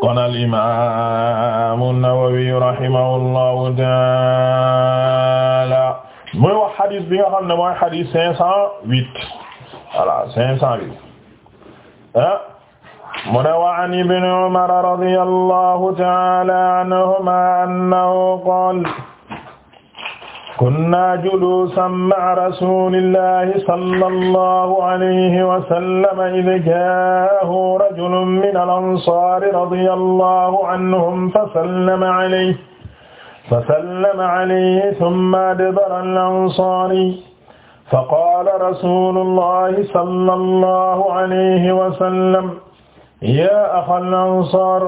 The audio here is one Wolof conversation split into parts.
kon al imaamu Nawawi rahimahullahu taala mooy wax xadis bi nga xam ne mooy xadis cinq cent huit voilà cinq cent huit ah mu ne wa an ibni Umar radiyallahu taala anhuma annahu qaala kunna julusan ma'a rasulillahi sallallahu alayhi wa sallam idh jaahu rajulun mina al-ansaari radiyallahu anhum fasallama alayhi fasallama alayhi thumma adbara al-ansaari faqaala rasuulullahi sallallahu alayhi wa sallam yaa axal ansaar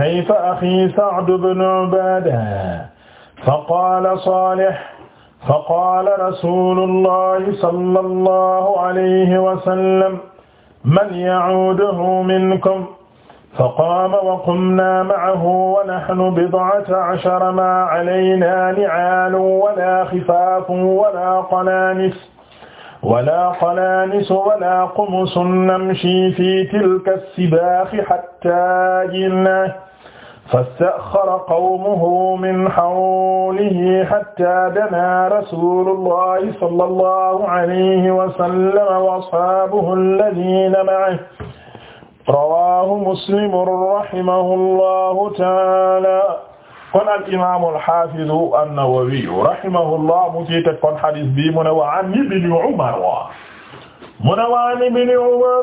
kayfa axii Sa'd ibn Ubaada faqaala Saalih faqaala rasuulullahi sallallahu alayhi wa sallam man ya'uuduhu minkum faqaama wa qumnaa ma'ahu wa nahnu bid'ata ashara maa alaynaa ni'aalun walaa xifaafun walaa qanaanis walaa qanaanis walaa qumusun namshii fii tilka as-sibaaxi hattaa ji'naa fastaxara qawmuhu min hawlihi hatta danaa rasuulullahi sallallahu alayhi wa sallam wa ashaabuhu allaziina macahu rawaahu muslim rahimahullahu ta'aalaa kon al imaamu al-haafidu an-nawawi rahimahullah mu ci teg kon hadiis bi mu ne wa an ibni umar mu ne wa an ibni umar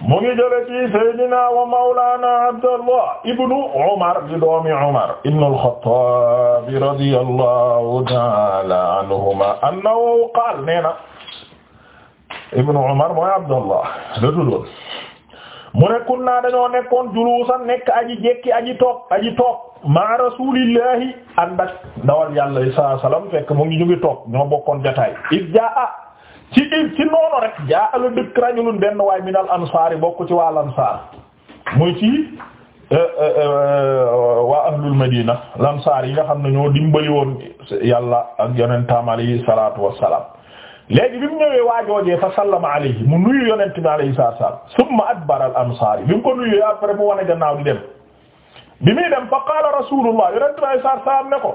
mu ngi jële Seydina wa Mawlana Abdallah ibnu Umar di doomi Umar ibnu al-Khattab radiyallahu ta'ala anhuma annahu qaal nee na ibnu mooy Abdallah la mu ne kunna dañoo nekkoon juluusan nekk aji jekki aji toog aji toog ma rasulillahi ànd ak ndawal yàlla sallallahu alayhi wasallam fekk mu ngi jógi toog ñoo bokkoon jotaay it jaa ci ci noonu rek jaa ala dëkk rajulun benn waay min al ansaar bokk ci waa al muy ci euh, euh, euh, waa ahlul madina lansaar yi nga xam ne ñoo dimbali woon yàlla ak yonentam alayhi salaatu wassalaam léegi bi mu ñëwee waajoojee fa sallama alayhi mu nuyu yonent bi alayhi salaatu wassalaam summa adbara al ansaar bi ko nuyu après mu wane gannaaw di dem bi muy dem fa qaala rasulullah yonent bi alayhi salaatu wassalaam ne ko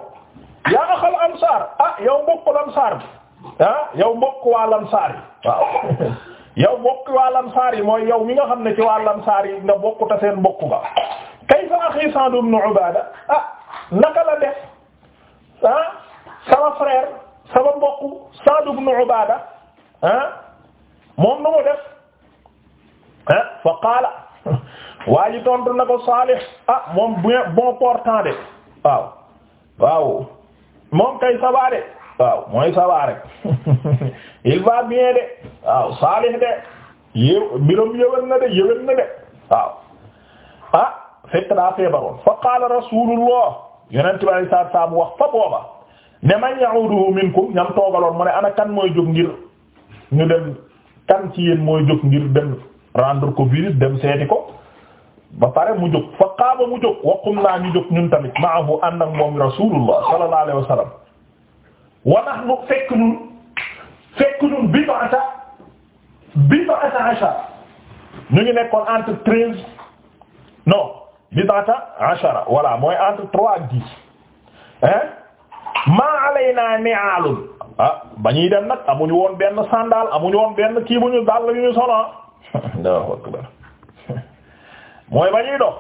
yaa axal ansaar ah yow bokkul ansaar ah yow mbokk waa lansaar yow mbokk waa lansaar yi mooy yow mi nga xam ne ci waa lansaar yi nga bokk ta seen mbokk ba kayfa axi Sa'd ibn Ubaada ah naka la def ah sama frère sama mbokk Sa'd ibn Ubaada ah moom nu mu def ah fa qaala waa Saalih ah moom bon portant de waaw waaw moom kay ça va waaw mooy sawa rek il va bien de waaw saalix de yéw mbiram yëwén na de yëwén na de waaw ah fekk daa feebaroon fa qaala rasulullah yonente bi alei saatu salaam wax fa booba ne man ya'uduhu minkum ñam toogaloon mu ne ana kan mooy jóg ngir ñu dem kan ci mooy jóg ngir dem rendre ko visite dem seeti ko ba pare mu jóg fa qaaba mu jóg waqum naa ñu jóg ñun tamit maahu ànd ak moom rasulullah sallallahu alayhi wasallam wa nahnu fekk ñun fekk ñun bid'ata bid'ata ashara ñu ngi nekkoon entre treize non bid'ata ashara mooy entre trois ak dix hein maa alaynaa ni'aalun ah ba ñuy dem nag benn sandal amuñu woon benn kii bu ñu dal yu ñu solo mooy ba ñuy dox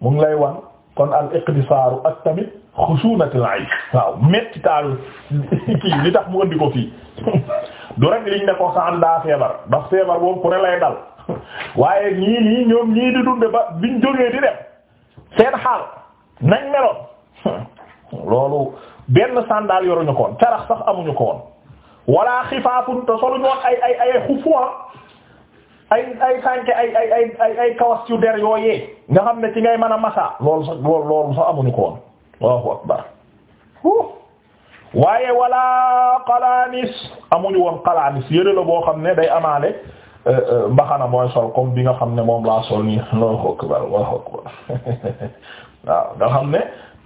lay wan kon al iqtisaaru ak xusunatul aysh waaw metti taal kii li tax mu andi ko fii du rek liñ ne ko saan feebar ndax feebar boobu ku ne lay dal waaye ñii nii ñoom ñii di dunde ba biñ jógee di dem seen xaal nañ meloon loolu benn sandal yoruñu ko woon carax sax amuñu ko woon walla xifaafun te soluñu woon ah. ay ay ay ay ay kawas yu der yooyee nga xam ne ci ngay mën a masa loolu sax loolu loolu amuñu ko Allahu akbar waaye wala xalaanis amuñu woon xalaanis yëre la boo xam ne day amaale euh, euh, mbaxana mooy sol comme bi nga xam ne moom laa sol nii Allahu akbar Allahu akbar waaw nga xam ne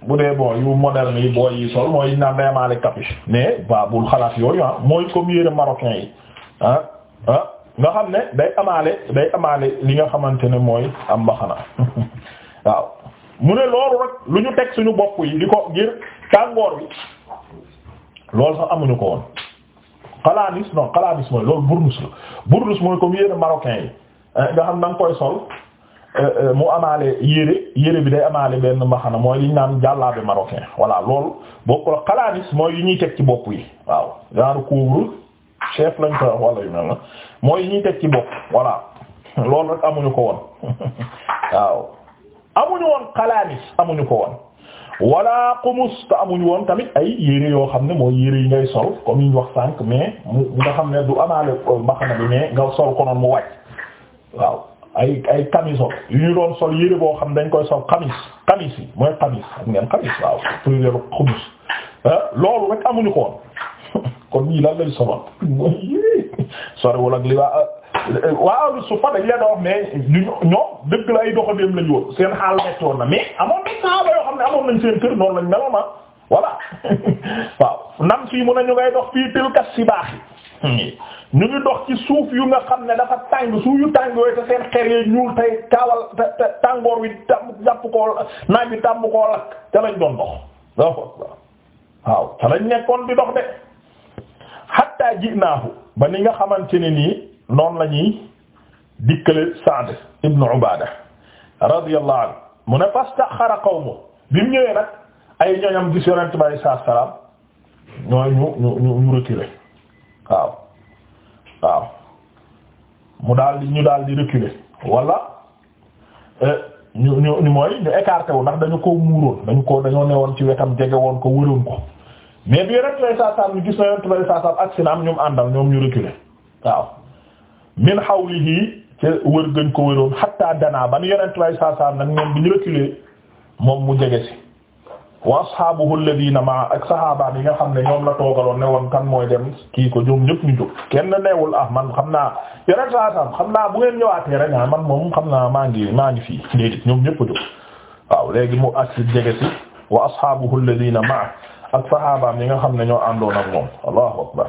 bu dee bon yu moderne yi booy yi sol mooy naan day amaale capuche mais ba bul xalaat yooyu ah mooy comme yëre marocain yi ah ah nga xam ne day amaale day amaale li nga xamante ne mooy am mbaxana waaw mu ne loolu rek lu ñu teg suñu bopp yi di ko ngir tàngoor bi loolu sax amuñu ko woon xalaanis non xalaanis mooy loolu burnus la burnus mooy comme yére marocain yi eh, nga xam na nga koy sol eh, eh, mu amaale yére yére bi day amaale benn mbaxana mooy li naan jàllaabe marocain voilà loolu bokkul ak xalaanis mooy yu ñuy teg ci bopp yi waaw genre couvre chef lañ ko wala yu mel na mooy yu ñuy teg ci bopp voilà loolu rek amuñu ko woon waaw amuñu woon xalaamis amuñu ko woon wala xumus te amuñu woon tamit ay yére yoo xam ne moo yére yi ngay sol comme yi ñu wax sànq mais mu nga xam ne du amaale mbaxana bi mais nga sol ko noonu mu wàcc waaw ay ay camisons yu ñu doon sol yére boo xam dañ koy sol xamis xamis yi mooy xamis ak ngeen xamis waaw pluriel xumus ah, loolu rek amuñu ko woon kon ñii lan lay soloon mooy yére sore wala ak li waaw su fa dañ leen mais ñoom dëgg la ay doxandéem lañu woon seen xaal nekkoon na mais amoon nañ saaba yoo xam ne amoon nañ seen kër noonu lañ meloon ah waaw nam fii mun a ñu ngay dox fii tilkas si baax yi ñu ngi dox ci suuf yu nga xam ne dafa tàng suuf yu tàng yooyu te seen xer yee ñuul tey kaawal te tàngoor wi tàmm jàpp koo naaj bi tàmm koo lakk ca lañ doon dox waaw ca lañ nekkoon di dox de xatta ji naahu ba ni nga xamante nii noonu la ñuy dikkale Sa'd ibn Ubaada radiyallahu anhu mu ne fastaxara qawmu bi mu ñëwee nag ay ñoñam gis yonent bi alayhi salaatu salaam ñooy ñu ñu ñu ñu waaw waaw mu daal di ñu daal di reculer wala euh, ñu ñu mooy ñu écarté wu ndax dañu ko muuroon dañu ko dañoo newoon ci wetam jege woon ko wëroon ko mais bi rek lay saa ñu gis na yonent bi alayhi salaam ak si na am ñoom àndal ñoom ñu reculer waaw. min hawlihi ca wër gën ko wëroon hatta danaa ban yonent way saa saa nag ñoom bi ñu reculer moom mu jege si wa ashaabuhu alladhina maa ak sahaabaan yi nga xam ne ñoom la toogaloon ne woon kan mooy dem kii ko ñoom ñëpp ñu jóg kenn neewul ah man xam naa yonent saa xam naa bu ngeen ñëwaatee rek ah moom xam naa maa ngi maa ngi fii déedéet ñoom ñëpp a jóg waaw léegi mu agsi jege si wa ashaabuhu alladhina maa ak sahaabaan yi nga xam ne ñoo àndoon ak moom allahu akbar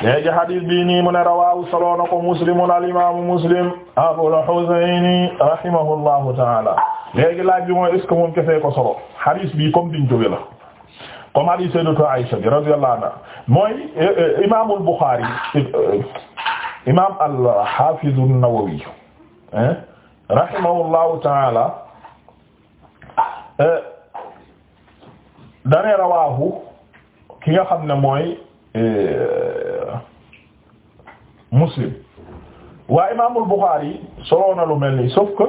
léegi hadis bi nii mu ne solo na ko muslimun al imaamu muslim abul husayni rahimahullahu taala léegi laaj bi mooy est ce que moom kese ko solo hadis bi comme diñ jóge la comme hadis sayyidatu Aisha bi radiyallahu anha mooy eh, eh, imaamul Bukhari eh, imaam al hafiz an-Nawawi rahimahullahu taala dane rawaahu ki nga mooy. muslim waa imaamul Bukhari soloo na lu mel nii sauf que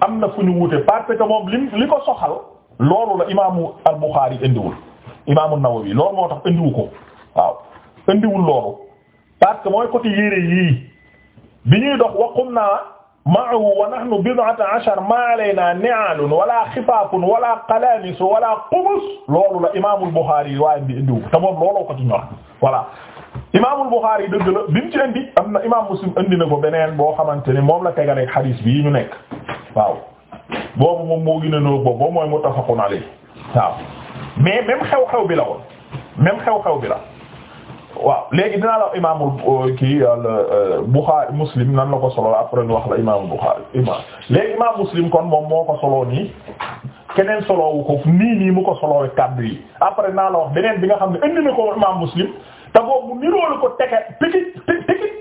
am na fu ñu wute parce que moom lim li ko soxal loolu la imaamu al Bukhari indiwul imaamu Nawawi loolu moo tax indiwu ko waaw indiwul loolu parce que mooy côté yére yii bi ñuy dox waqum naa ma'ahu wa nahnu bid'atu ashar ma alayna ni'alun wala xifaafun wala qalamis wala qumus loolu la imaamul Bukhari waaye bi indiwu ko te moom looloo ko ci ñor voilà imaamul Buxaari dëgg la bi mu ci indi am na imaam Muslim indi na ko beneen boo xamante ni moom la tegaleeg xadiis bii ñu nekk waaw boobu moom moo gën a nëb boobu mooy muttafaqun alayhi waaw mais même xew-xew bi la woon même xew bi la waaw léegi dinaa la imaamul euh, kii euh, Buxaari Muslim nan la ko solo après ñu wax la imaamul Buxaari imaam léegi imaam Muslim kon moom moo ko solo nii keneen solo wu ko nii nii mu ko solo kàddu yi après naa la wax beneen bi nga xam ne indi na ko imaam Muslim. te boobu mu niroolu ko teke tikit tikit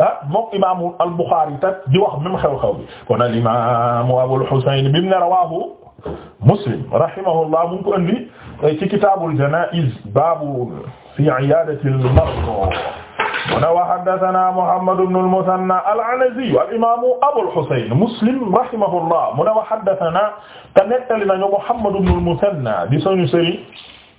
ah moom imaamu al-Bukhari ta di wax même xew-xew bi kon al imaamu Abul Husayn bi mu ne rawaahu Muslim rahimahullah mu ngi ko andi ci kitaabul janaa'iz baabu fi iyaadatil marid mu ne wa haddasanaa Muhammad ibn al-Musanna al-Anazi al-imaamu Abul Husayn Muslim rahimahullah mu ne wa haddasanaa te nettali nañu Muhammad ibn al-Musanna di sunu sëriñ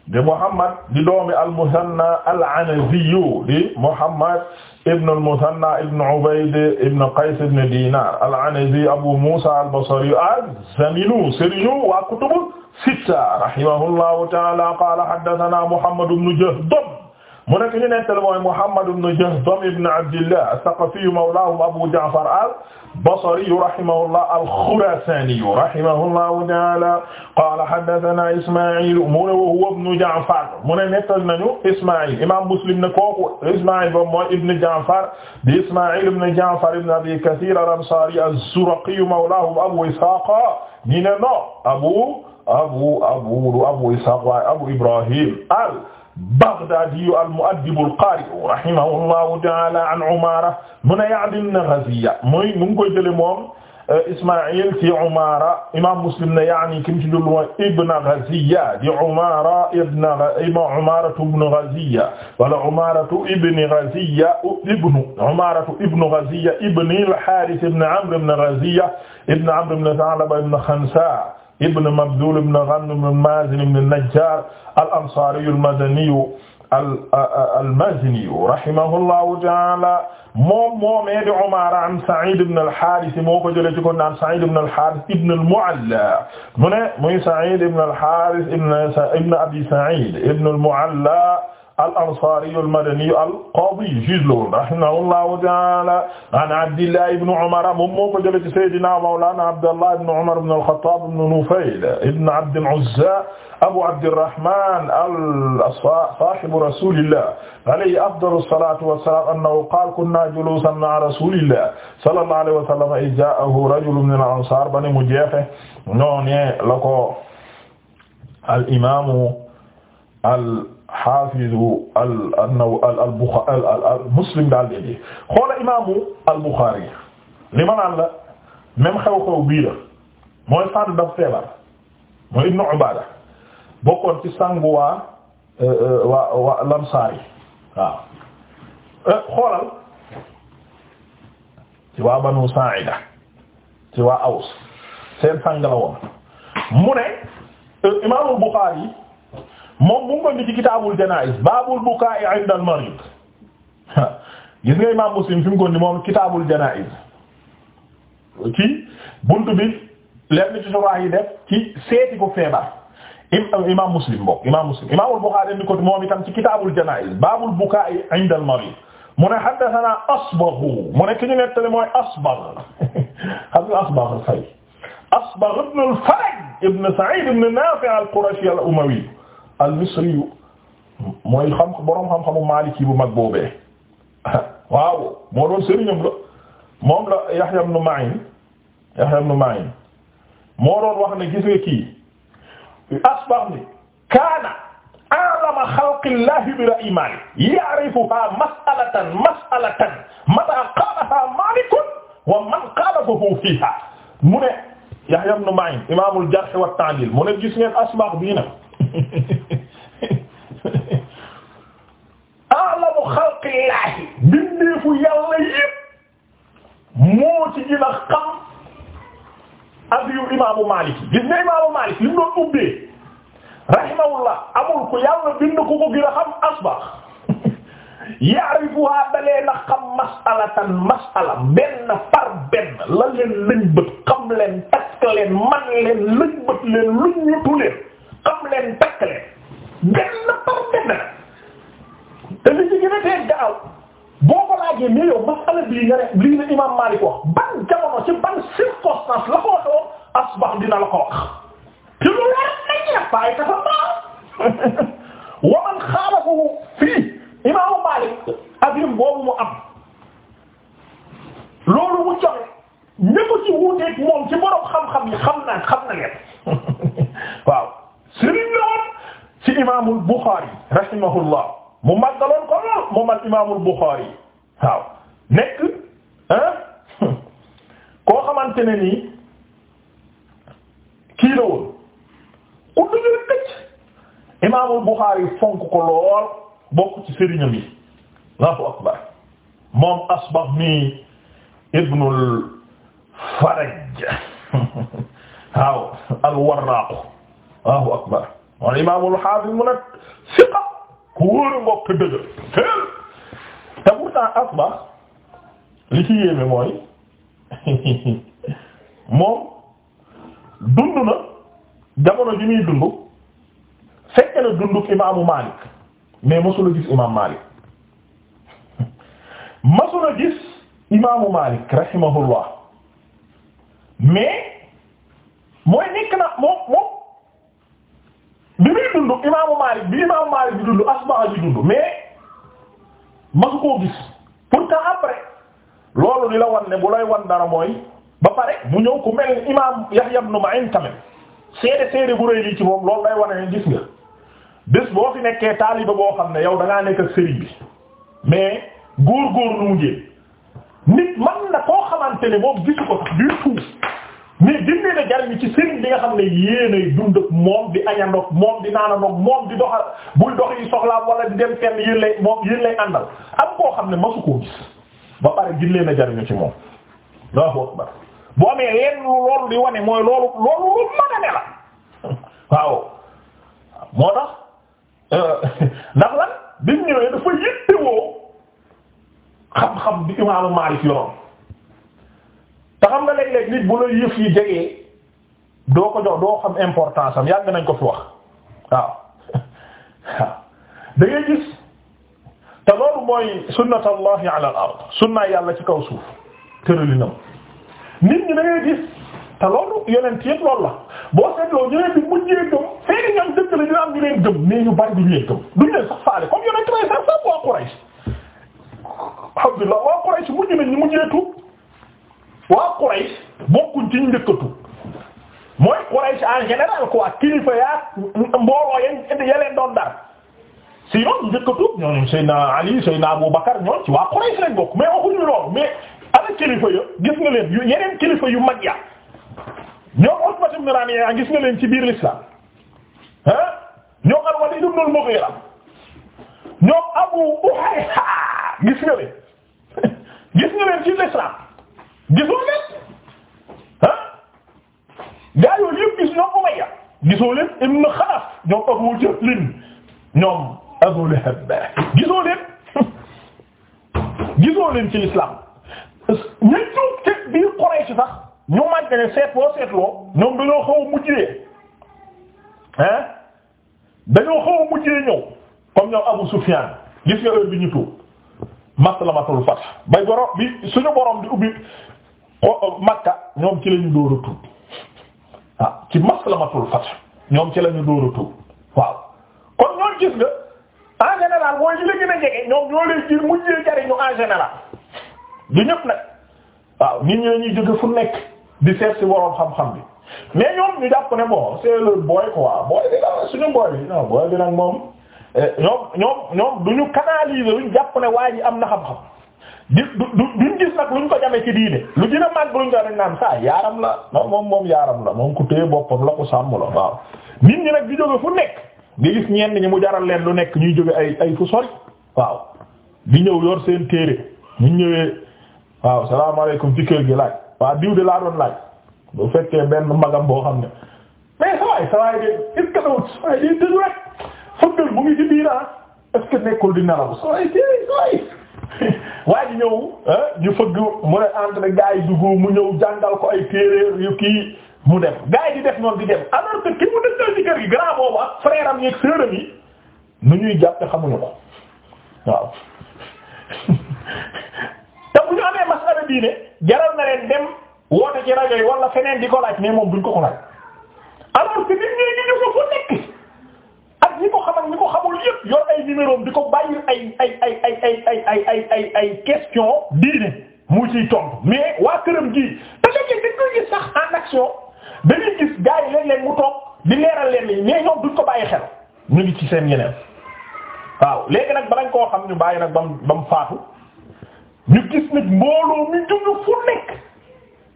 di Muhammad di doomi al-Musanna al-Anaziyu di Muhammad ibn al-Musanna ibn Ubayd ibn Qays ibn Dinar al-Anazi Abu Musa al-Basri az-Zaminu sëriñu waa kutubu sitta rahimahullahu ta'ala qala haddathana Muhammad ibn Jahdam mu nekk ñu nettali mooy Muhammad ibn Jahdam ibn Abdillah as-Saqafi mawlaahum Abu Ja'far al-Basri rahimahullah al-Khurasani rahimahullahu ta'ala qaala haddathanaa Isma'il mu ne wa huwa ibn Ja'far mu ne nettali nañu Isma'il imaam Muslim ne kooku Isma'il boobu mooy ibn Ja'far di Isma'il ibn Ja'far ibn Abi Kathir al-Ansari az-Zuraqi mawlaahum Abu Ishaq ñi ne no Abu Abu Abu Abu Ishaq waaye Abu Ibrahim al Baghdaadi al-mu'addib al-qaari rahimahullahu ta'aala an Umaara mu ne Ya'di ibn Ghaziya mooy mu ngi koy jëlee moom euh, Ismaa'il ci Umaara imaam Muslim ne yaani ki mu ci dul mooy ibn Ghaziya di Umaara ibn Umaara ibn Ghaziya wala Umaara ibn Ghaziya ibn Umaara ibn Ghaziya ibn al-Haarith ibn Amr ibn Ghaziya ibn Amr ibn Tha'laba ibn Khansa ibn Mabdul ibn Ghanm ibn Mazin ibn Najjar al-Ansari al-Madani al-Mazini rahimahullahu ta'ala moom moomee di Umaara an Sa'id ibn al-Harith moo ko jëlee ci ko naan Sa'id ibn al-Harith ibn al-Mu'alla mu ne muy Sa'id ibn al-Harith ibn Abi Sa'id ibn al-Mu'alla al ansaari al madani al qaadi juge la woon rahimahullahu ta'aala an Abdillah ibn Umar moom moo ko jëlee ci Seydina Mawlaana Abdallah ibn Umar ibn al-Khattaab ibn Nufayl ibn Abd al-Uzza Abu Abdirrahmaan saahibu rasuulillah alayhi afdalu salaatu wa salaam annahu qaala kunnaa juluusan ma'a rasuulillah sallallahu alayhi wa sallam iz jaa'ahu rajulun min al-ansaar ba ni mu jeexee noonu la ko al imaamu al xaafizu al annaw al al Buxaari al Muslim daal léegi xoola imaamu al Buxaari li ma naan la même xew-xew bii la mooy Saad daf feebar mooy Ibnu Ubaada bokkoon ci sangu waa euh, euh, waa waa Lamsaar yi waaw euh, xoolal ci waa Banu Saa'ida ci waa Aws seen sang la woon mu ne imaamul Buxaari moom mu ngi ci kitaabul janaa'iz baabul bukaa'i 'inda al-mariid gis nga imaam muslim fi mu ko ni moom kitaabul janaa'iz ci buntu bi lenn ci surah yi def ci seeti ko feebar imaam muslim bokk imaam muslim imaamul buxaari ni ko moom itam ci kitaabul janaa'iz baabul bukaa'i 'inda al-mariid mu ne haddathanaa Asbagh mu ne ki ñu nettali mooy Asbagh xam nga Asbagh fay Asbagh ibn al-Faraj ibn Sa'id ibn Naafi' al-Qurashi al-Umawi al-Misri yu mooy xam boroom xam-xamu Maliki bu mag boobee waaw moo doon sëriñam la moom la Yahya ibn Ma'in Yahya ibn Ma'in moo doon wax ne gis nga kii asbax ni kaana a'lama xalqillahi bi ra'yi Maalik ya'rifuha mas'alatan mas'alatan mata qaalaha Maalikun wa man qaalafahu fiiha mu ne Yahya ibn Ma'in imaamul jarh wa ta'diil mu ne gis ngeen asbax bii nag a'lamu xalqillaahi bindeefu yàlla yépp moo ci gën a xam abiyu imaamu Maalik gis nga imaamu Maalik li mu doon ubbee rahimahullah amul ku yàlla bind ku ko asbax ya'rifuha dalee na xam mas'alatan mas'ala benn par benn la leen lëñbët xam leen takk leen man leen lëñbët leen luñutu leen xam leen te li ci gën a tee gaaw boo ko laajee mais yow masala bii nga ne lii la imam Malik wax ban jamono ci la ko waxee asbax dina la ko wax. te lu leer nañ la bàyyi dafa baax imam Malik abim boobu mu am loolu mu joxe ñëpp ci wuuteeg moom ci borom xam-xam yi xam naa xam na leen waaw. Serigne Loone ci imaamul Bukhari rahimahullah mu màggaloon ko lool moom al imaamul Buxaari yi nekk ah koo xamante ne nii kii la woon uddu ñu fonk ko lool bokk ci sëriñam yi Allahu akbar moom asbax mi faraj waaw al warraaq Allahu akbar wal imaamul xaafis mu ne siqa ku wóor a mbokk dëgg te pourtant asba li ci yéeme mooy moom dund na jamono ji muy dund fekk na dunduk imaamu Maalik mais masula gis imaamu Maalik masula gis mais mooy nekk na moom moom bi muy dund imaamu Maalik bi imaamu Maalik bi dund Asbaha bi dund mais masu koo gis pourtant après loolu li la wan ne bu lay wan dara mooy ba pare mu ñëw ku mel ni imaam Yahya ibn Ma'in tamit seede seede bu rëy lii ci moom loolu lay wane ne gis nga bés boo fi nekkee taaliba boo xam ne yow da ngaa nekk ak sëriñ bi mais góor góor lu mu nit man na koo xamante ne moom gisu ko sax du tout mais gën leen a ci sëriñ bi nga xam ne yéenay dund ak moom di añandoog moom di naanandoog moom di doxal buy dox yi soxlaam wala di dem fenn yéen lay moom yéen lay koo xam ne masu koo gis a jariñu ci moom mooy loolu loolu lu mën la waaw moo tax euh, ndax lan bi mu ñëwee dafa yittewoo xam-xam bi imaamu Maalik yoroon te xam nga léeg-léeg nit bu la yëf yi jegee doo ko jox xam importance am yàgg nañ ko fi wax waaw waaw da ngay gis te loolu mooy sunnatullahi ala al-ard sunna yàlla ci kaw suuf tëralinam nit ñi da ngay gis loolu yonent yëpp loolu la boo seetloo ñu leen di mujjee gëm feegi ñoom dëkk la dina am ñu leen gëm mais ñu bari duñu leen gëm duñu leen sax faale comme yonent may sax sax waa Quraysh alhamdulillah waa Quraysh mujj nañ ñu mujjee waa Quraysh bokkuñ ci ñu njëkk mooy Quraysh en général quoi kilifa yaa mbooloo yeen ya leen doon dar sinon ñu njëkk a tuub ñooñu Seydina Ali Seydina Abu Bakar ñooñu ci waa Quraysh lañ bokk mais waxuñu loolu mais ana kilifa ya gis nga leen yeneen kilifa yu mag ya ñoom Utba ibn Rabi'a ah, gis nga leen ci biir l'islam ah ñoom Al-Walid ibn al-Mughira ñoom Abu Uhayha gis nga leen gis nga ci l'islam gisoo lépp ah gaa yooyu yëpp gis ñoom Umayya gisoo leen Ibn Xalaf ñoom Abu Jahl ñoom Abu Lahab gisoo leen gisoo leen ci l'islam ñun ñoo teg biir Quraysh sax ñu màgg ne seetloo seetloo ñoom dañoo xaw a mujjee ah dañoo xaw a mujjee ñëw comme ñoom Abu Sufyan gis nga heure bi ñu tuub maslamatul fath bay borom bi suñu borom di ubbi. xo Makka ñoom ci la ñu door a tuub waaw ah, ci maslamatul fath ñoom ci la ñu door a tuub waaw kon ñoom gis nga en général mooy ñu la gën a jege ñoom ñoo lay gis en général du ñëpp nag waaw nit ñoo ñuy jóge fu nekk di seet ci boroom xam-xam bi mais ñoom ñu jàpp ne bon c'est le boy quoi boy bi la suñu boy bi bi nag moom eh, ñoom du ñu canaliser luñ jàpp ne waa ji am na xam-xam. di du duñ gis nag luñ ko jamee ci diine lu gën a màgg luñ ko dañ naan saa yaaram la non moom moom yaaram la moom ku téye boppam la ko sàmm la waaw nit ñi nag di jóge fu nekk nga gis ñenn ñi mu jaral leen lu nekk ñuy jóge ay ay fu sori waaw di ñëw yor seen téere ñu ñëwee waaw salaamaaleykum ci kër gi laaj waa diw de laa doon laaj bu fekkee benn magam boo xam ne mais sawaay sawaay de est-ce que dawut sawaay de dëgg rek fëggal mu ngi ci biir ah. est-ce que nekkul di nelaw sawaay waa ji ñëw eh, ñu fëgg mu entre gars yi mu ñëw jàngal ko ay téeréer yu kii mu dem gars yi di def noonu di dem alors que ki mu dëkkal ci kër gi grand boobu ak frère am yeeg sœur yi nu ñuy jàpp xamuñu ko waaw te bu ñu amee masala diine jaral na leen dem woote ci rajo yi wala feneen di ko laaj mais moom duñ ko ko laaj alors que nit ñi ñu ko fu nekk ak ñi ko xam ak ñi ko xamul yépp yor ay numéro di ko bàyyi ay ay ay ay ay ay ay ay ay ay question diine mu ciy tontu mais waa këram gii te léegi dañ koy gis sax en action dañuy gis gars yi léeg-léeg mu toog di leeral leen nii mais ñoom duñ ko bàyyi xel ñu ngi ci seen yeneen waaw léegi nag balañ koo xam ñu bàyyi nag bam bam faatu ñu gis nag mbooloo mi junj fu nekk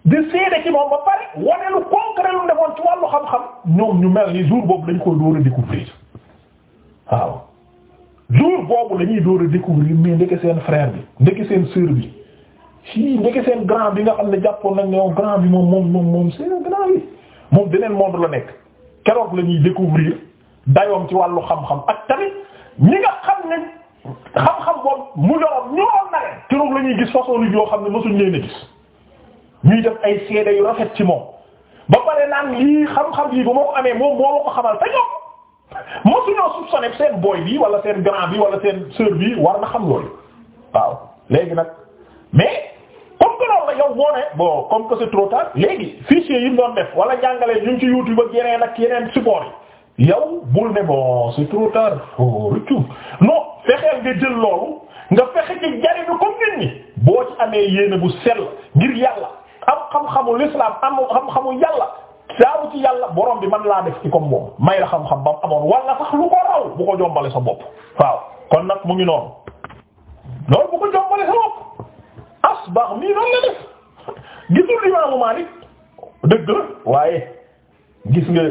di seede ci moom ba pare wane lu concret lu defoon ci wàllu xam-xam ñoom ñu mel ni jour boobu dañ koy door a découvrir waaw jour boobu lañuy door a découvrir mais ndeke seen frère bi ndeke seen sœur bi si ndeke seen grand bi nga xam ne jàppoon nañ ne grand bi moom moom moom moom seen grand beneen monde la nekk keroog la ñuy découvrir ci wàllu xam ak tamit ñi mu yoroon ñoroon ñuy gis façon yoo xam ne mësuñ leen a ay seede yu rafet ci moom yi amee moom moo ma ko xamal te ñoom mosuñoo soupçonné seen boy bi wala seen grand bi wala seen sœur bi war na xam loolu waaw léegi nag mais comme que loolu la yow boo ne bon comme que c'est trop tard léegi fichier yi mu doon def wala jàngale ñu ngi ci YouTube ak yeneen ak yeneen support yi yow bul ne bon c'est trop tard foo oh, rëccu non fexeel nga jël loolu nga fexe ci jariñu comme nit ñi boo ci amee yéene bu sell ngir yàlla am xam-xamu l'islam am xam-xamu yàlla. saabu ci yàlla borom bi man laa def ci comme moom may la xam-xam ba mu amoon wala sax lu ko bu ko jombale sa bopp waaw kon nag mu ngi noonu loolu bu ko jombale sa bopp asbax mii noonu la def gisul imaamu Maalik dëgg la waaye gis nga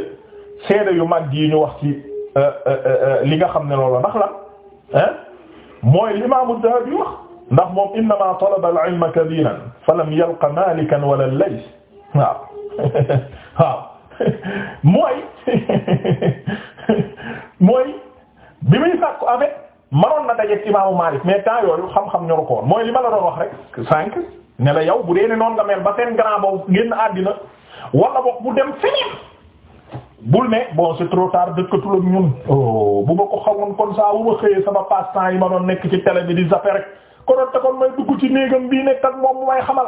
seede yu mag yi ñu wax ci euh, euh, euh, li nga xam ne loolu ndax lan mooy li imaamu Dahabi wax ndax moom innama talaba al-ilma kabiran falam yalqa Maalikan wala Lays waaw mooy mooy bi muy sàkku en fait maroon na dajeeg imaamu Maalik mais temps yooyu xam-xam ñoru ko mooy li ma la doon wax rek sànq ne la yow bu dee ne noonu nga mel ba seen grand boobu génn àddina wala boog bu dem feneen bul ne bon c'est trop tard dëkkatul ñun. Oh, bu ma ko xawoon kon saa bu xëyee sama passe yi ma doon nekk ci télé bi di zapper rek konoon te kon may dugg ci néegam bii nekk moom may xamal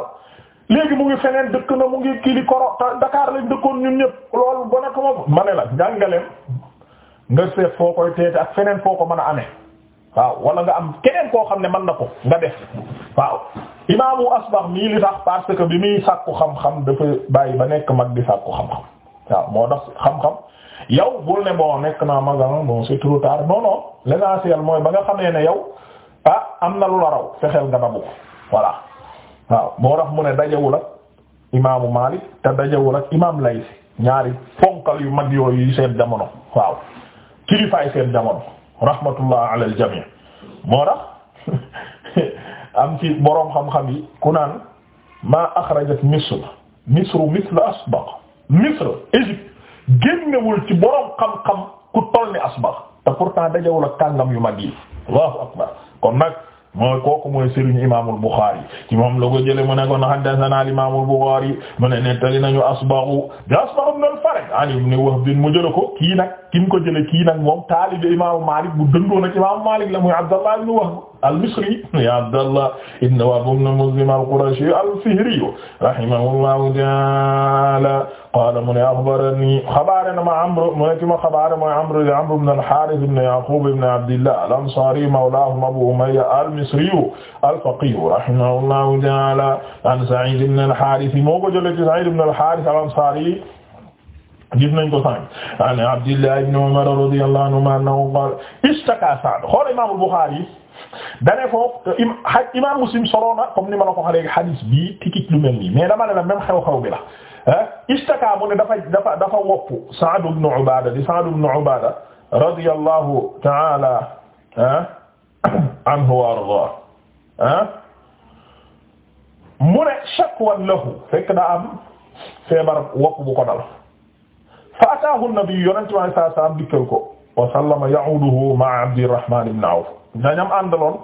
léegi mu ngi feneen dëkk na mu ngi kii di koro Dakar lañ dëkkoon ñun ñëpp loolu ba nekk moom ma ne la njàngaleem nga seet foo koy teete ak feneen foo ko mën a amee waaw wala nga am keneen koo xam ne man na ko nga def waaw imaamu asbax mii li tax parce que bi muy sàkku xam-xam dafa bàyyi ba nekk mag di sàkku xam-xam waaw moo tax xam-xam yow bul ne bon nekk naa mag ah bon c'est trop tard non non l'essentiel mooy ba nga xamee ne yow ah am na lu la raw fexeel nga dabu voilà. waaw moo tax mu ne dajawul ak imaamu Maalik te dajawul ak imaam Laysi ñaari fonkal yu mag yooyu seen jamono waaw kilifaay seen jamono rahmatullah ala al jami' moo tax am ci boroom xam-xam yi ku naan maa axrajat Misr Misr misl Asbaq Misr Égypte génnewul ci boroom xam-xam ku toll ni Asbaq te pourtant dajawul ak kàngam yu mag yi Allahu akbar kon nag mooy kooku mooy sëriñ imaamul Buxaari ci moom la ko jëlee mu ne kon haddasanaa al imaamul Buxaari mu ne nettali nañu Asbahu di Asbahu ibn al-Faraj an ibn Wahb mu jëlee ko kii nag ki mu ko jëlee kii nag moom taalibe imaamu Maalik bu dëndoon ak imaamu Maalik la muy Abdallah ibn Wahb al-Misri ya Abdallah ibn Wahb ibn Muslim al-Qurashi al-Fihri rahimahullahu ta'ala qaala mu ne axbarani xabaare na ma Amr mu ne ki ma xabaare mooy Amr ibn al-Haarith ibn Yaquub ibn Abdillah al-Ansaari mawlaahum Abu Umayya al-Misriyu al-faqihu rahimahullahu ta'ala an Sa'id ibn al-Harith moo ko jëlee ci Sa'id ibn al-Harith al-Ansari gis nañ ko sànq an Abdillah ibn Umar radiyallahu anhuma annahu qaala ishtaka Sa'd xool Imaam al-Bukhari dane foofu Imaam Muslim soroona comme ni ma la ko waxee léegi hadis bii tikit lu mel nii mais dama ne la même xew-xew bi la ah istaka mu ne dafa dafa dafa wopp Sa'd ibn Ubaada di Sa'd ibn Ubaada radiyallahu ta'ala ah anhu wa ardaa ah mu ne shakwan lahu fekk daa am feebar wopp bu ko dal fa ataahu an-nabi yonent bi sallallahu alayhi wa sallam dikkal ko wa sallama ya'uduhu ma'a Abdirrahman ibn Awf ñañam àndaloon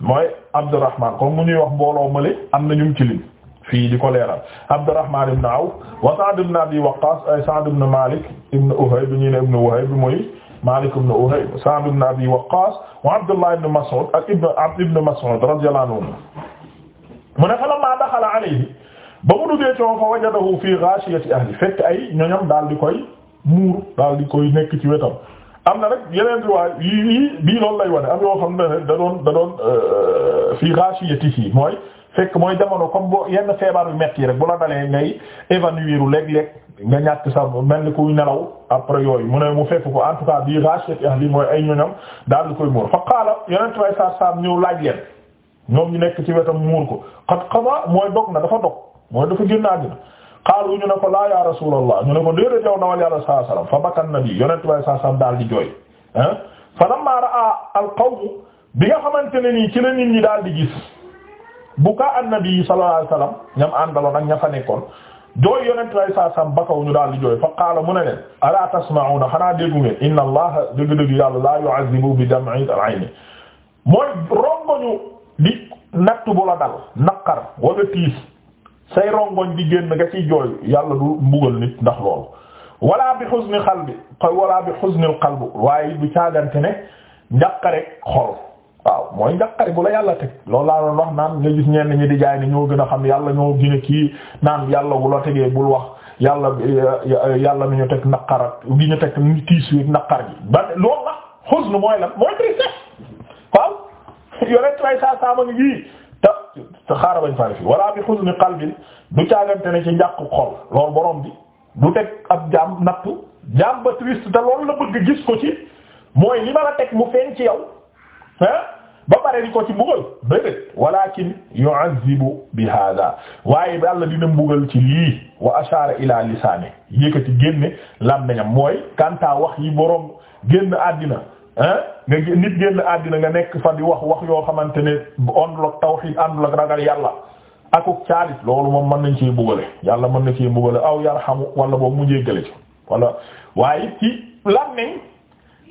mooy Abdirrahman comme mu ñuy wax mbooloo male am na ñu ci lim fii di ko leeral Abdurrahman ibn Awf wa Sa'd ibn Abi Waqqas ay Sa'd ibn Malik ibn Uhayb bi ñu ne ibn Uhayb bi muy Malik ibn Uhayb Sa'd ibn Abi Waqqas wa Abdullah ibn Mas'ud ak ibn Abd ibn Mas'ud radiyallahu anhu mu ne falammaa daxala alayhi ba mu duggee ci fa wajadahu fii ghashiyati ahli fekk ay ñoñam daal di koy muur daal di koy nekk ci wetam. am na rek yeneen riwaay yii bii loolu lay wane am yoo xam ne da doon da doon euh, fii ghashiyatihi mooy fekk mooy jamono comme boo yenn feebar yu metti rek bu la dalee ngay évanouir léeg-léeg nga ñàkk sa mel ni kuy nelaw après yooyu mu ne mu fekk ko en tout cas bii rachet ahli mooy ay ñoñam daal di koy muur fa qaala yonent way sar sam ñëw laaj leen ñoom ñu nekk ci wetam muur ko qad qada mooy dog na dafa dog mooy dafa génn àddina qaalu ñu ne ko laa ya rasulallah ñu ne ko déedéet yow dawal yàlla saa sallam fa bakkan nabi yonent way saa sallam daal di jooy ah fa lamma raa al qawm bi nga xamante ne nii ci la nit ñi daal di gis buka an nabi sallallahu alayhi wasallam ñam àndaloon ak ña fa nekkoon jooy yonent lay saa sam ba kaw ñu daal di jooy fa qaala mu ne leen alaa tasma'una xanaa déggu ngeen inna allaha dëgg-dëgg yàlla laa yu'azzibu bi dam'i al-'ayn mooy rongoñu di nattu bu la dal naqar wala tiis say rongoñ di génn nga ciy jooy yàlla du mbugal nit ndax loolu wala bi huzni qalbi wala bi huzni al-qalb waaye du caagante ne njàqare xol waaw mooy njaqare bu la yàlla teg loolu laa doon wax naan nga gis ñenn ñi di jaay ne ñoo gën a xam yàlla ñoo gën a kii naan yàlla bu la tegee bul wax yàlla eh, yàlla mi ñu teg naqar ak gi ñu teg tiis wi naqar gi ba loolu la xus nu mooy lan mooy tristesse waaw yonent way saa saama ngi gii te te xaara bañ fari fi bi xusni qalbin du caagante ne ci njàq xol loolu borom bi du teg ab jaam nattu jaam ba triste te loolu la bëgg gis ko ci mooy li ma la teg mu feeñ ci yow ba pare di ko ci mbugal déedéet walakin yu'azzibu bi hada waaye Yàlla dina mbugal ci lii wa ashara ila lisaani yëkkati génne làmmiñam mooy kanta wax yi boroom génn àddina ah nga nit génn àddina nga nekk fa di wax wax yoo xamante ne ondul ak tawhid àndul ak ragal Yàlla akuk caalit loolu moom mën nañ ci mbugale Yàlla mën na ci mbugale aw yàlla yarhamu wala boobu mu jéggale ci wala waaye ci làmmiñ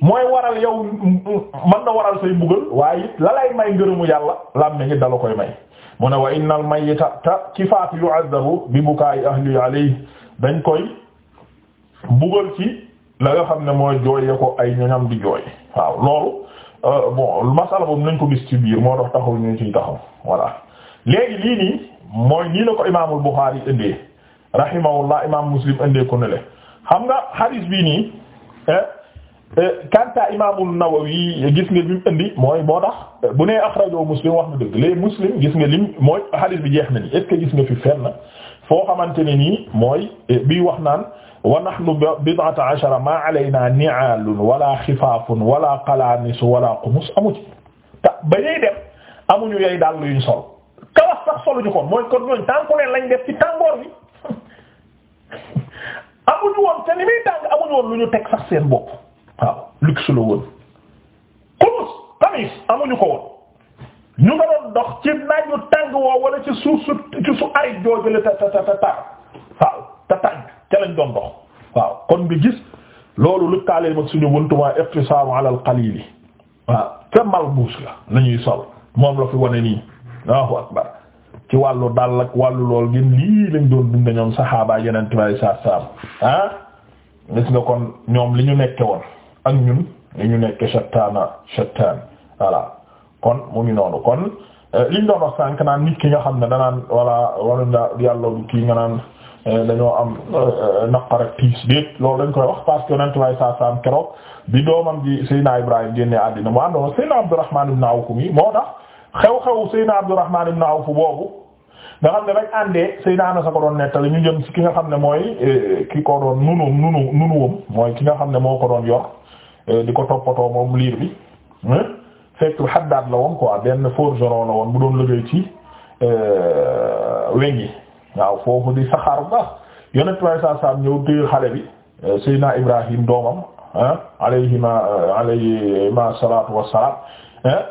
mooy waral yow man na waral say mbugal waaye it la lay may ngërëmu yàlla lam mi ngi dala koy may mu ne wa innal mayyita ta kifaatu yu'adabu bi bukaayi ahli alayhi dañ koy mbugal ci la nga xam ne mooy jooye ko ay ñoñam di jooy waaw loolu euh, bon masala boobu nañ ko gis ci biir moo tax taxul ñu ciy taxaw voilà léegi lii nii mooy nii la ko imaamul Buxaari indee rahimahullah imaam Muslim indee ko ne xam nga hadis bii nii eh, kanta euh, imaamul Nawawi gis nga lim indi mooy moo tax bu nee axrajoo muslim wax na dëgg les muslim gis nga lim mooy hadith bi jeex na ni est gis nga fi fenn foo xamante ne nii mooy eh, bii wax naan wa nahnu bid'ata ashara ma alayna ni'aalun wala xifaafun wala qalaanisu wala qumus amu ci te ba ñuy dem amuñu yay daal luñ sol kawas sax soluñu kon mooy kon ñooñ tànku leen lañ def ci tàngoor bi amuñu woon te ni muy tàng amuñu woon lu ñu teg sax seen bopp waaw luxe la woon xumus xamis amuñu ko woon ñu nga doon dox ci naaj tàng woo wala ci suuf su ci su arit joojale ta ta ta ta waaw tàng ca doon dox waaw kon bi gis loolu lëkkaale mag suñu wuntumaa iqtisaaru ala al qalil waaw ca malbuus la lañuy sol moom la fi wane nii Allahu akbar ci wàllu dal ak wàllu lool gën lii lañ doon dunda ñoom saxaaba yeneen tibaay saab saab ah gis nga kon ñoom li ñu nekke woon ak ñun li ñu nekk shattaana shattaan voilà kon mu ngi noonu kon euh, liñ doon wax sànq naan nit ki nga xam ne danaan wala waruñ la yàlla bu kii nga naan euh, dañoo am euh, naqar ak tiis déet loolu dañ koy wax parce que yonent way saa saam keroog bi doomam ji Seydina Ibrahima génne àddina mu àndoon Seydina Abdourahman ibn Awf mi moo tax xew-xew Seydina Abdourahman ibn Awf boobu nga xam ne bañ àndee Seydina Anas a ko doon nettali ñu jëm ci ki nga xam ne mooy ki ko doon nunu nunu nunuwum mooy ki nga xam ne moo ko doon Euh, di ko to moom liir bi fekk xaddaat la woon quoi benn forgeron la woon bu doon liggéey ci euh, weñ yi foofu di saxaar bu baax yonent waaye saa saam ñëw téye xale bi euh, Seydina Ibrahim doomam ah alayhima alayhima salaatu wassalaam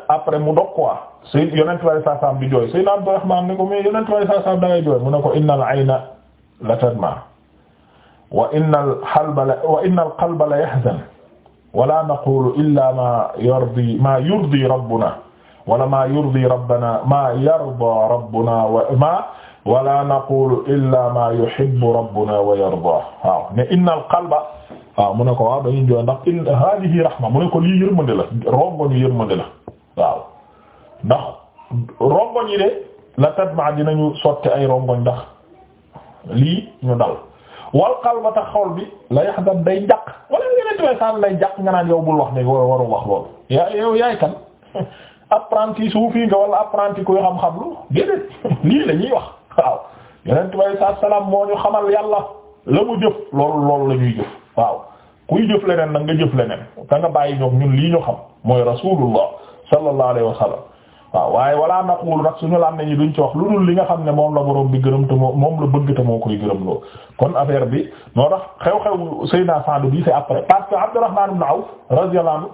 après mu dog quoi Sey yonent waaye saa saam di jooy Seydina Abdurrahman ni ko mais yonent waaye saa saam da ngay jooy mu ne ko innal ayna la tadma wa innal qalba la wa wala naqulu illa ma yardi ma yurdi rabbuna wala ma yurdi rabbana ma yarda rabbuna ma wala naqulu illa ma yuhibbu rabbuna wa yarda waaw ne inna al qalba waaw mu ne ko waaw dañuy jooy ndax in hadihi rahma mu ne ko lii yërmande la rongoñu yërmande la waaw ndax rongoñ yi de la tadma dinañu sotti ay rongoñ ndax lii ñu dal wal qalba ta xol bi la yahzan day jàq wala yeneen tubaab sànni lay nga naan yow bul wax ne war wax loolu. yaa yow yaay kan apprenti suufi nga wala apprenti kuy xam-xam lu déedéet lii la ñuy wax waaw yeneen tubaab saa salaam moo ñu xamal yàlla la mu jëf loolu loolu la ñuy jëf waaw kuy jëf leneen nag nga jëf leneen da nga bàyyi ñoom ñun lii ñu xam mooy rasulullah sallallahu alayhi wa sallam waaw waaye walaa naqulu nag suñu lam ne ñi duñ ci wax lu dul li nga xam ne moom la borom bi gërëm te moom la bëgg te moo koy gërëm loolu kon affaire bi moo tax xew-xew Seydina Saadu bi c'est après parce que Abdurrahman ibn Awf radiyallahu anhu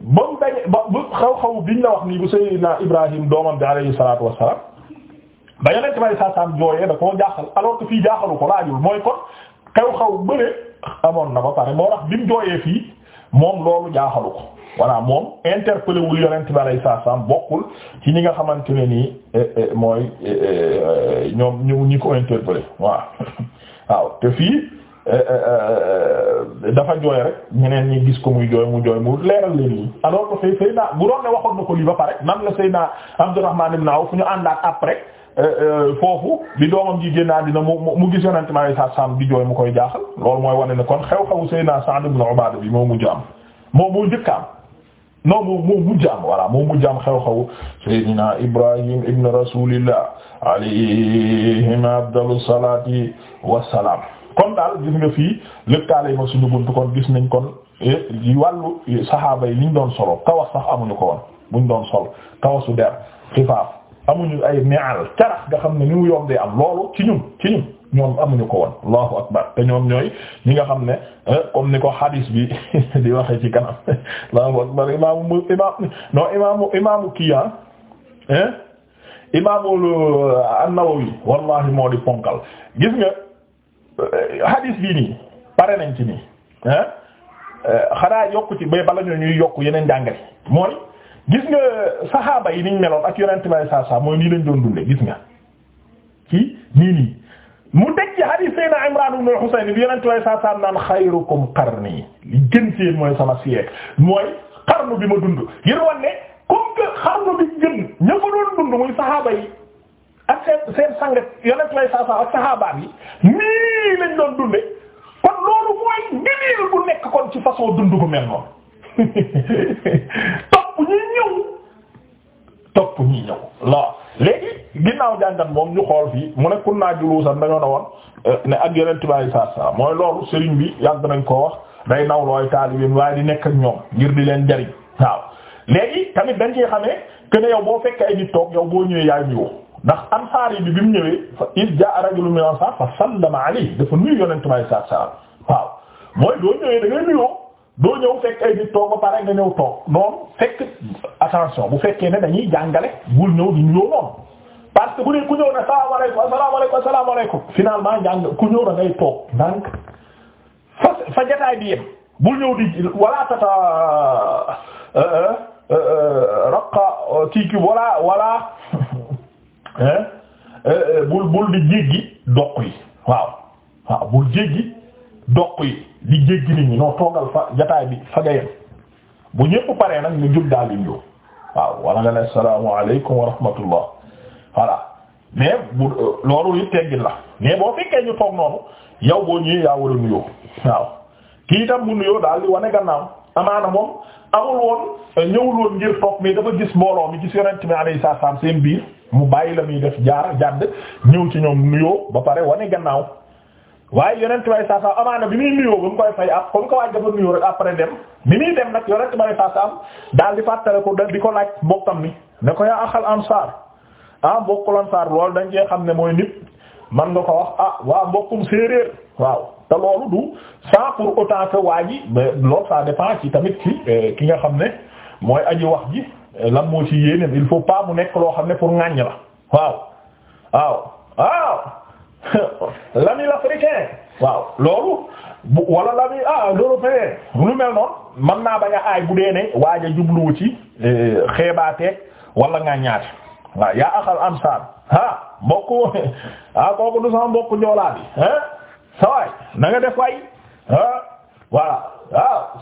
ba mu daje ba xew-xew biñ la wax nii bu Seydina Ibrahim doomam bi alayhi salaatu wassalaam ba yonent bay saasaam jooyee da koo jaaxal alors que fii jaaxalu ko laajul mooy kon xew-xew bëre xamoon na ba pare moo tax bi mu jooyee fii moom loolu jaaxalu ko voilà moom interpellé wul yonent bi alayhi salaam bokkul ci ñi nga xamante ne nii eh, eh, mooy eh, ñoom ñu ñi ko interpellé waaw waaw te fii dafa jooy rek ñeneen ñi gis ko muy jooy mu jooy mu leeral leen lii alors que say Seydina bu doon ne waxoon na ko lii ba pare nan la Seydina Abdurrahman ibn Awf fu ñu àndaat après foofu bi doomam ji génn àddina mu mu gis yonent bi alayhi salaam di jooy mu koy jaaxal loolu mooy wane ne kon xew-xewu Seydina Sa'd ibn Ubaada bi moo mujj am non moom moom mujjaam voilà moom xew-xew Seydina Ibrahim ibn Rasulillah alayhima afdalu salaati wassalaam kon daal gis nga fii lëkkaale ma suñu buntu kon gis nañ kon yi eh, wàllu saxaaba yi liñ doon solo kawas sax amuñu ko woon buñ doon sol kawasu der xifaaf amuñu ay meal carax nga xam ne ni mu yomb dee am loolu ci ñun ñoom amuñu ko won allahu akbar te ñoom ñooy ñi nga xam ne eh, comme ni ko hadis bi di waxee ci kanam allahu akbar imaamu imaamu non imaamu imaamu kiya ah, hein eh, imaamul eh, an-Nawawi wallahi moo di ponkal gis nga hadis bii nii pare nañ ci nii hein xanaa yokk ci ba bala ñoo ñuy yokk yeneen jàngale mooy gis nga saxaaba yi niñ meloon ak yonent bi sallallahu alayhi wasallam mooy nii lañ doon gis nga ci nii nii mu teg ci hadith Seydina Imran ibn Husayn bi yonent way saa saa naan xayrukum qarni li gën ci yéen mooy sama siècle mooy xarnu bi ma dund ngir ne comme que xarnu bi gën ña ko doon dund muy saxaaba yi ak seen seen sangat yonent way ak saxaabaam yi lañ doon dunde kon loolu mooy ngëneel bu nekk kon ci façon dund bu mel noonu topp ñuy ñëw. topp ñi ñëw la léegi ginnaaw jàngat moom ñu xool fii mu ne kun naa juluusan dañoo na woon euh, ne ak yeneen tubaab yi saa saa mooy loolu sëriñ bi yàgg nañ koo wax day naw looy taalibeem waaye di nekk ak ñoom ngir di leen jariñ waaw. léegi tamit dañ ciy xamee que ne yow boo fekkee ay nit toog yow boo ñëwee yaay ñëw ndax ansaar yi bi bi mu ñëwee fa iz a rajulun min ansaar fa sallama alayhi dafa nuyu yonent tubaab yi waaw mooy doo ñëwee da ngay doo ñëw fekk ay nit toog pare nga ñëw toog fekk attention bu fekkee ne dañuy jàngale bul ñëw di ñëw noonu parce que bu ku ñëw ne salaamaaleykum asalaamaaleykum asalaamaaleykum finalement jàng ku ñëw da ngay toog ndànk fa fa jotaay bi bul ñëw di wala tata euh, euh, euh, raqa kii kii wala wala bul bul di jéggi doq yi waaw waaw bul jéggi. doq yi di jéggi nit ñi noo toogal fa jataay bi fa nga bu ñëpp paree nag ñu jub daal di ñëw waaw wala nga ne assalaamu alaykum wa rahmatullah voilà mais bu loolu it teggin la mais boo fekkee ñu toog noonu yow boo ñëwee yaa war a nuyoo waaw kii itam mu nuyoo daal di wane gannaaw amaana moom amul woon ñëwul woon ngir toog mais dafa gis mbooloo mi gis yonent mi alayhi salaam seen biir mu bàyyi la muy def jaar jàdd ñëw ci ñoom nuyoo ba pare wane gannaaw. waaye yonent bay saa saa amaana bi muy nuyoo ba mu koy fay ak comme que waaj dafa nuyoo rek après dem bi muy dem nag yonent bay saa saa am daal di fàttale ko di ko laaj mbokkam ni ne ko yaa axal ansaar a ah mbokkul ansaar loolu dañ cee xam ne mooy nit man nga ko wax a ah waa mbokkum séeréer waaw te loolu du sans pour autant que waa ji loolu ça dépend ci tamit ci euh, ki nga xam ne mooy aji wax ji euh, lan moo ci yéeneem il faut pas mu nekk loo xam ne pour ŋàññ la waaw l'ami africain waaw loolu wala l'ami ah l'européen lu mel noonu mën naa bañ a aay bu dee ne waaj a jubluwu ci eh, xeebaateeg wala ngaa ñaate waaw yaa axal ansar ah mbokku ah du sama mbokku joolaa bi ah sa waay na nga def waay ah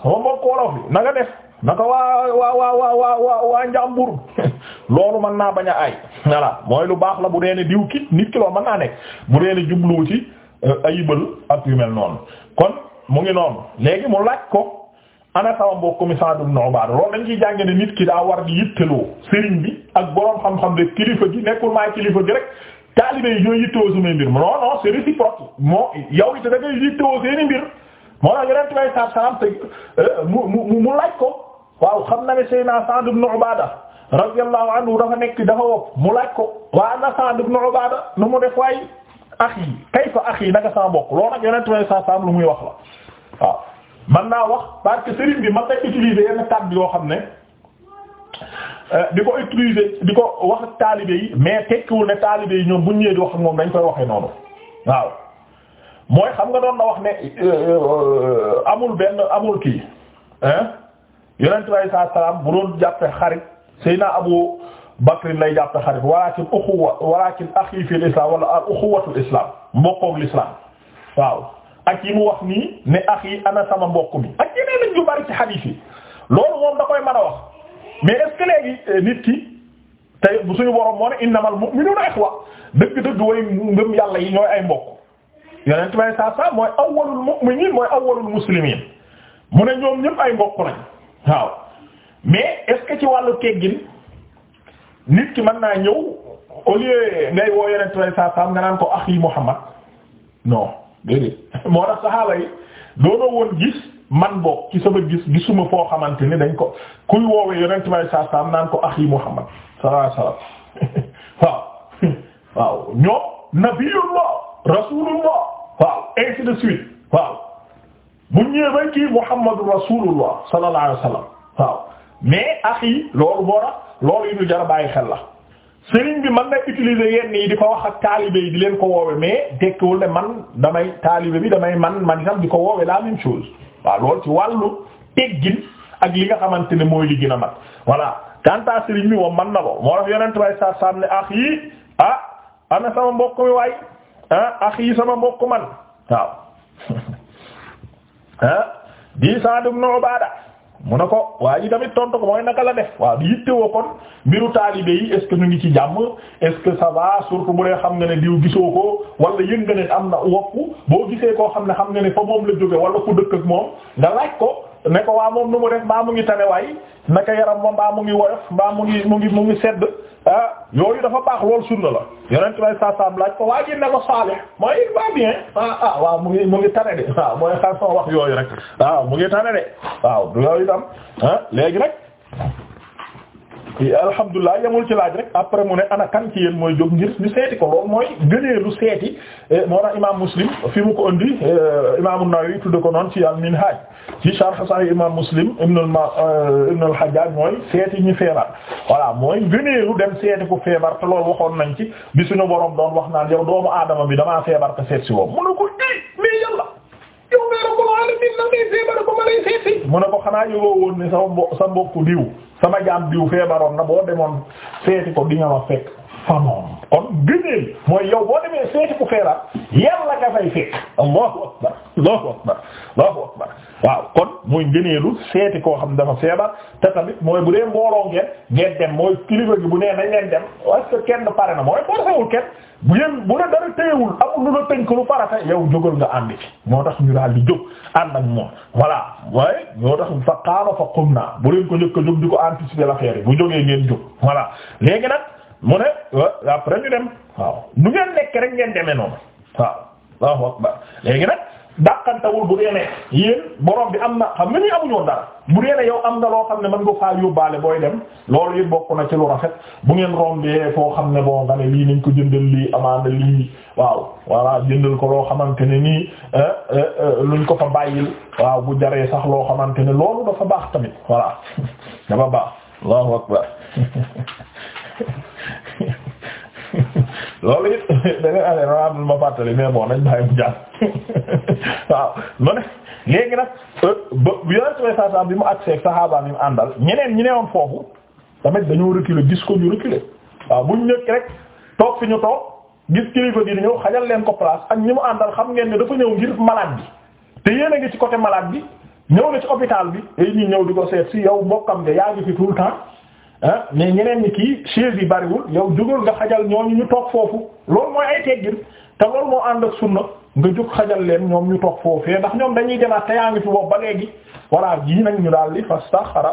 sama mbokku wolof bi naka waa waa waa waa waa waa njàmbur loolu mën naa bañ a ay voilà mooy lu baax la bu dee ne diw kit nit ki loolu mën naa nekk bu dee ne jubluwu ci euh, ayibal ak yu mel noonu kon mu ngi noonu léegi mu laaj ko. ana sama mbokk mi Sa'd ibn Ubaada loolu dañ ciy jànge ne nit ki daa war di yitteloo sëriñ bi ak boroom xam-xam de kilifa gi nekkul maay kilifa gi rek taalibe yi ñooy yittewoo sumay mbir moo yow it da ngay yittewoo seeni mbir moo tax yeneen yi saa mu mu mu ko. waaw xam na ne Seydina Sa'd ibn Ubaada radiyallahu anhu dafa nekk dafa wopp mu laaj ko waa ana Sa'd ibn Ubaada nu mu def waay axi kayfa axi naka sama mbokk loolu ak yonent way sa sam lu muy wax la waaw man naa wax parce que sëriñ bi man tay utiliser yenn kàddu yoo xam ne euh, di ko utiliser di ko wax ak taalibe yi mais tekkiwul ne taalibe yi ñoom bu ñëwee di wax ak moom dañ koy waxee noonu waaw mooy xam nga doon na wax ne euh, euh, amul benn amul kii yonent bi saa salaam bu doon jàppe xarit Seyna Abu Bakr lay jàppe xarit walakin uxuwa walakin axi fil islam wala al uxuwatul islam mbokkoog l'islam waaw ak yi mu wax nii ne axi ana sama mbokk mi ak yeneen nit ñu ci xadiis yi loolu moom da koy mën a wax mais est-ce eh, nit ki tey bu suñu borom moo ne innamal mu'minuna ixwa dëgg-dëgg way ngëm yàlla yi ñooy ay mbokk yonent bi saa salaam mooy awwalul mu'minin mooy awwalul muslimin mu ne ñoom ñëpp ay mbokk waaw mais est ci wàllu teggin nit ki mën naa ñëw au lieu ngay woo yeneen tubaab yi saa nga naan ko axi Muhammad non déedéet moo tax saxaaba yi doonoo woon gis man boog ci sama gis gisuma foo xamante ni dañ ko kuy woowee yeneen tubaab yi saa saam naan ko axi Muhammad sallallahu alayhi wasallam waaw waaw ñoom nabiyullah rasulullah waaw ainsi de suite waaw. bu ñëwee bay kii Muhammadu Rasulullah sallallahu alayhi wa sallam waaw mais axi loolu moo tax loolu yi ñu jar a bàyyi xel la sëriñ bi mën na utiliser yenn yi di ko wax ak taalibe yi di leen ko woowe mais tekkiwul ne man damay taalibe bi damay man man itam di ko woowe la même chose waaw loolu ci wàllu teggin ak li nga xamante ne mooy li gën a mat voilà kanta sëriñ bi moom man na ko moo tax yonent bay sa sam ne ax yi ah, ana sama mbokk mi waay ah sama mbokk man waaw ah di Saad ibn Ubaada mu ne ko waa ji tamit tontu ko mooy naka la def waaw di yittewoo kon mbiru taalibe yi est ce ngi ci jàmm est ce que ça va surtout bu dee xam nga ne diw gisoo ko wala yën am na wokk boo gisee koo xam ne xam nga ne fa moom la jóge wala ku dëkk ak moom nga laaj ko. ne ko waa moom nu mu mbaa mu ngi tane waay naka yaram ma mbaa mu ngi woyof mbaa mu ngi mu ngi mu ngi sedd ah yooyu dafa baax lool sunna la yeneen may sa sam laaj ko waa ji ne ko saalih mooy il va bien ah ah waaw mu ngi mu ngi tane de waaw mooy xar son wax yooyu rek waaw ah mu ngi tane de waaw du yooyu tam ah léegi rek alhamdulilah yemul ci laaj rek après mu ne ana ci yéen mooy jóg ngir ñu seeti ko loolu mooy gënee lu seeti moo tax imaam muslim fi mu ko indi euh, imaam an-Nawawi tudde ko noonu ci al ci sharh sahih imaam muslim ibn al euh, mooy seeti ñu feebar. voilà mooy gënee dem seeti ko feebar te loolu waxoon nañ ci bi suñu borom doon wax naan yow doomu aadama bi damaa feebar te seet si woo mënu ko eh mais yàlla yow nga ne ko maanaam nit feebar sama jaam diw feebaroon na boo demoon seeti di nga ma fekk fa moom kon gëneel mooy yow boo demee seeti ku feebar yàlla nga fay fekk allahu akbar allahu akbar waaw kon muy ngëneelu seeti koo xam dafa feebar te tamit mooy bu dee mbooloo ngeen ngeen dem mooy kilifa gi bu nee nañ leen dem est-ce que bu yéen bu la dara téyewul amul lu la tënk àndi moo tax ñu daal di jóg ànd ak moom voilà waaye ñoo tax fa qaama fa naa bu leen ko njëkk a jóg di ko anticiper l'affaire yi bu jógee ngeen jóg voilà léegi nag mu ne après ñu dem waaw nu ngeen nekk rek ngeen demee noonu waaw waaw waaw léegi nag dàqantawul bu dee ne yéen bi am na xam nga ni amuñoon dara bu dee yow am na loo xam ne mën nga faa yóbbaale booy dem loolu it bokk na ci lu rafet bu ngeen rombee foo xam ne boo nga ne lii nañ ko jëndal lii amaana lii waaw voilà jëndal ko loo xamante ne nii eh, eh, eh, luñ ko fa bàyyil waaw bu jaree sax loo xamante ne loolu dafa baax tamit voilà dafa baax allahu akbar loolu it da ngay allé rawatina ma fàttali mais bon nañ bàyyi mu jàll waaw ma ne léegi nag euh, ba yonent bi bi mu àgg seeg saxaabaam mu àndal ñeneen ñi ne woon foofu tamit dañoo reculer gis ko ñu reculer waaw buñ nekk rek toog fi ñu toog gis kilifa gi di ñëw xajal leen ko place ak ñi mu àndal xam ngeen ne dafa ñëw ngir malade bi te yéen a ngi ci côté malaat bi ñëw ne ci hôpital bi. ay ñuy ñëw di ko seet si yow mbokkam de yaa ngi fi tout temps. ah mais ñeneen kii chaise yi bariwul yow jógal nga xajal ñoom ñu toog foofu loolu mooy ay teggin te loolu moo ànd ak sunna nga jóg xajal leen ñoom ñu toog foofee ndax ñoom dañuy demaat te yaa ngi fi boobu ba léegi voilà jii nag ñu daal di fas tax xara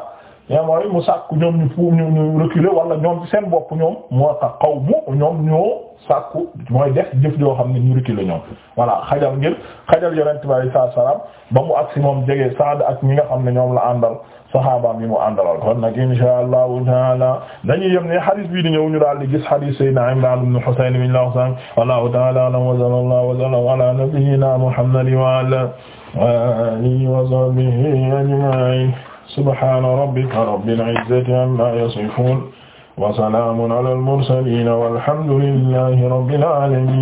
ñoom mooy mu sàkku ñoom ñu fu ñu ñu reculer wala ñoom seen boppu ñoom moo tax xaw mu ñoom ñoo sàkku mooy def jëf joo xam ne ñu reculer ñoom. voilà xajal ngir xajal yonent bi sallallahu alayhi wasallam ba mu agsi moom jege Saad ak ñi nga xam ne ñoom la àndal. saxaaba mi mu àndalal kon nag insha allahu taala dañuy yem ne hadis bii di ñëw ñu daal di gis hadis Seydina Imraan ibn Husayn min la san wallahu taala alam wa sallallahu wa sallama ala nabiyyina Muhammadin wa ala alihi wa sahbihi ajma'in subhana rabbika rabbil izzati amma yasifun wa salamun ala al mursalin walhamdulillahi rabbil alamin